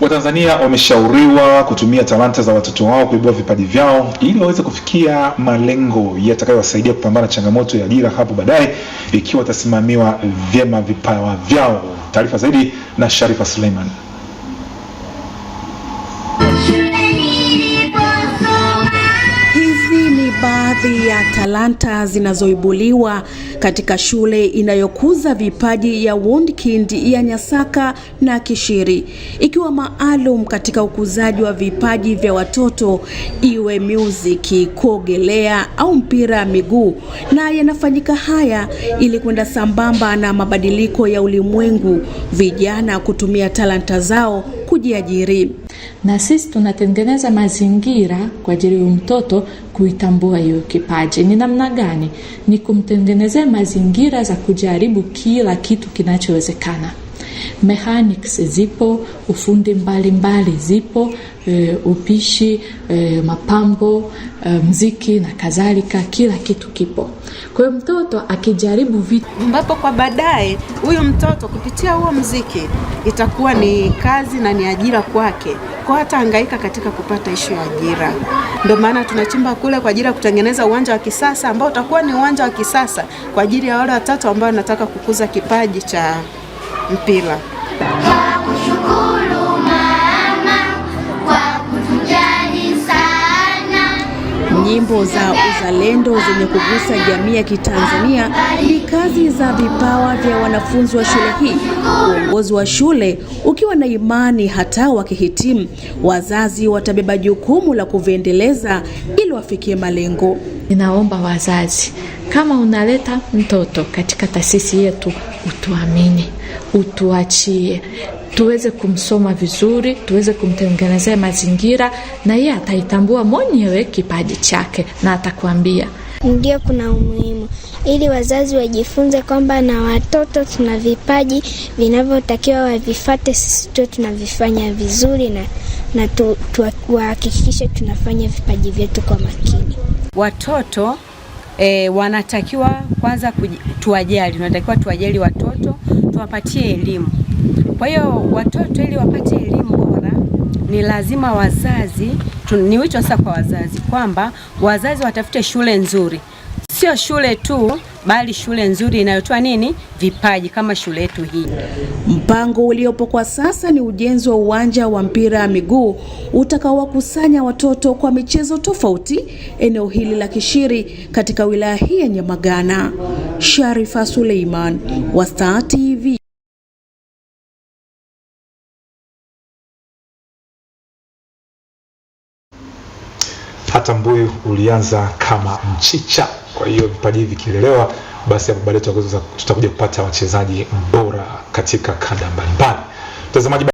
Watanzania wameshauriwa kutumia talanta za watoto wao kuibua vipaji vyao ili waweze kufikia malengo yatakayowasaidia kupambana changamoto ya ajira hapo baadaye ikiwa watasimamiwa vyema vipawa vyao. Taarifa zaidi na Sharifa Suleiman. baadhi ya talanta zinazoibuliwa katika shule inayokuza vipaji ya Woodkind ya Nyasaka na Kishiri, ikiwa maalum katika ukuzaji wa vipaji vya watoto, iwe muziki, kuogelea au mpira wa miguu, na yanafanyika haya ili kwenda sambamba na mabadiliko ya ulimwengu, vijana kutumia talanta zao kujiajiri, na sisi tunatengeneza mazingira kwa ajili ya mtoto kuitambua hiyo kipaji. Ni namna gani? Ni kumtengenezea mazingira za kujaribu kila kitu kinachowezekana mechanics zipo, ufundi mbalimbali mbali zipo, e, upishi e, mapambo e, mziki na kadhalika, kila kitu kipo. Kwa hiyo mtoto akijaribu vitu ambapo kwa baadaye huyu mtoto kupitia huo mziki itakuwa ni kazi na ni ajira kwake, kwa hata angaika katika kupata ishu ya ajira. Ndio maana tunachimba kule kwa ajili ya kutengeneza uwanja wa kisasa ambao utakuwa ni uwanja wa kisasa kwa ajili ya wale watoto ambao wanataka kukuza kipaji cha Mpila. Nyimbo za uzalendo zenye kugusa jamii ya Kitanzania ni kazi za vipawa vya wanafunzi wa shule hii, uongozi wa shule ukiwa na imani hata wakihitimu, wazazi watabeba jukumu la kuviendeleza ili wafikie malengo. Ninaomba wazazi, kama unaleta mtoto katika taasisi yetu utuamini, utuachie tuweze kumsoma vizuri, tuweze kumtengenezea mazingira, na yeye ataitambua mwenyewe kipaji chake na atakuambia ndio. Kuna umuhimu ili wazazi wajifunze kwamba na watoto tuna vipaji vinavyotakiwa wavifate, sisi tuwe tunavifanya vizuri na, na tu, tu, wahakikishe tunafanya vipaji vyetu kwa makini watoto e, wanatakiwa kwanza tuwajali, tunatakiwa tuwajali watoto, tuwapatie elimu. Kwa hiyo watoto ili wapate elimu bora ni lazima wazazi tu, ni wito sasa kwa wazazi kwamba wazazi watafute shule nzuri sio shule tu bali shule nzuri inayotoa nini vipaji kama shule yetu hii. Mpango uliopo kwa sasa ni ujenzi wa uwanja wa mpira wa miguu utakaowakusanya watoto kwa michezo tofauti eneo hili la Kishiri katika wilaya hii ya Nyamagana. Sharifa Suleiman wa Star TV. Hata mbuyu ulianza kama mchicha. Kwa hiyo vipaji hivi kilelewa, basi hapo baadaye tutakuja kupata wachezaji bora katika kanda mbalimbali. Mtazamaji